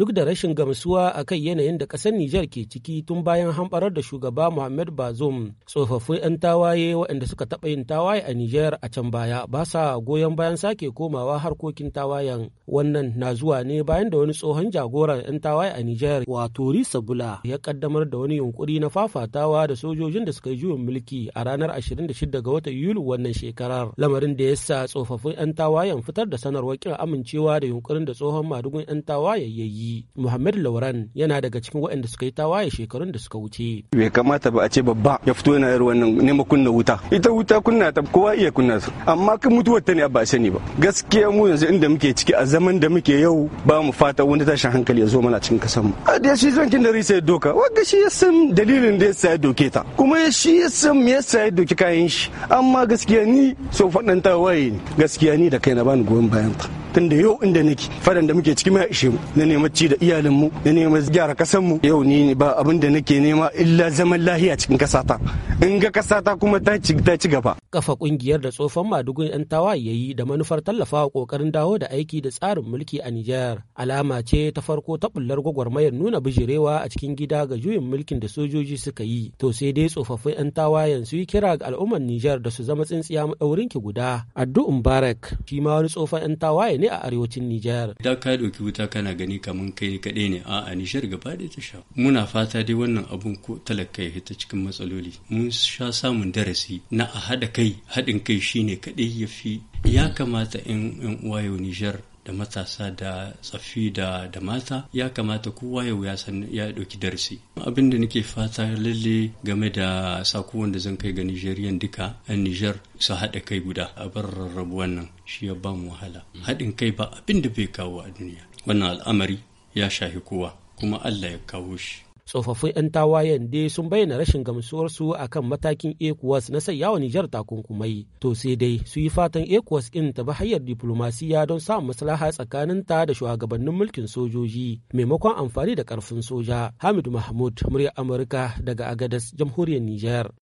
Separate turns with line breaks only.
duk da rashin gamsuwa a kan yanayin da ƙasar Nijar ke ciki tun bayan hamɓarar da shugaba Muhammad Bazoum tsofaffin 'yan tawaye waɗanda suka taɓa yin tawaye a Nijar a can baya ba sa goyon bayan sake komawa harkokin tawayen wannan na zuwa ne bayan da wani tsohon jagoran 'yan tawaye a Nijar wato Risa Bula ya kaddamar da wani yunkuri na fafatawa da sojojin da suka yi juyin mulki a ranar 26 ga watan Yuli wannan shekarar lamarin da ya sa tsofaffin 'yan tawayen fitar da sanarwar kin amincewa da yunkurin da tsohon madugun 'yan tawaye ya yi muhammad lauran yana daga cikin waɗanda suka yi tawaye shekarun da suka wuce
bai kamata ba a ce babba ya fito yana yar wannan nema kunna wuta ita wuta kunna ta kowa iya kunna su amma kan mutuwar ta ne ba sani ba gaskiya mu yanzu inda muke ciki a zaman da muke yau ba mu fata wani tashin hankali ya zo mana cikin kasan mu a da shi zankin da risa doka wanda shi ya san dalilin da ya sa doke ta kuma shi ya san me ya sa ya doki kayan shi amma gaskiya ni so faɗan tawaye gaskiya ni da kaina bani goyon bayan ta da yau inda nake fadan da muke ciki ma ishe mu na nema ci da iyalin mu na nema gyara kasan mu yau ni ba abin da nake nema illa zaman lahiya cikin kasata in ga kasata kuma ta ci ta ci gaba
kafa kungiyar da tsofan madugun yan tawaye yayi da manufar tallafawa kokarin dawo da aiki da tsarin mulki a Nijar alama ce ta farko ta bullar gwagwarmayar nuna bijirewa a cikin gida ga juyin mulkin da sojoji suka yi to sai dai tsofaffin yan tawayen su yi kira ga al'ummar Nijar da su zama tsintsiya maɗaurinki guda addu'un barak shi ma wani tsofan yan tawaye ne a arewacin Nijar.
Da ka ɗauki wuta kana gani kamar kai kaɗai ne a a Nijar gaba da ta sha. Muna fata dai wannan abun ko talaka ya hita cikin matsaloli. Mun sha samun darasi na a haɗa kai haɗin kai shine kaɗai ya fi. Ya kamata 'yan uwa yau Nijar da matasa da tsaffi da da mata ya kamata kowa yau ya san ya dauki darasi abin da nake fata lalle game da sakuwan da zan kai ga Nigerian duka yan Niger su haɗa kai guda a rarrabu wannan shi ya ba mu wahala haɗin kai ba abin da bai kawo a duniya wannan al'amari ya shahi kowa kuma Allah ya kawo shi
tsofaffin 'yan tawayen dai sun bayyana rashin gamsuwarsu a kan matakin ecowas na sai yawon nijar takunkumai to sai dai su yi fatan ecowas in ta bi hanyar diplomasiya don samun maslaha tsakaninta da shugabannin mulkin sojoji maimakon amfani da karfin soja hamid mahmud murya amurka daga agadas jamhuriyar nijar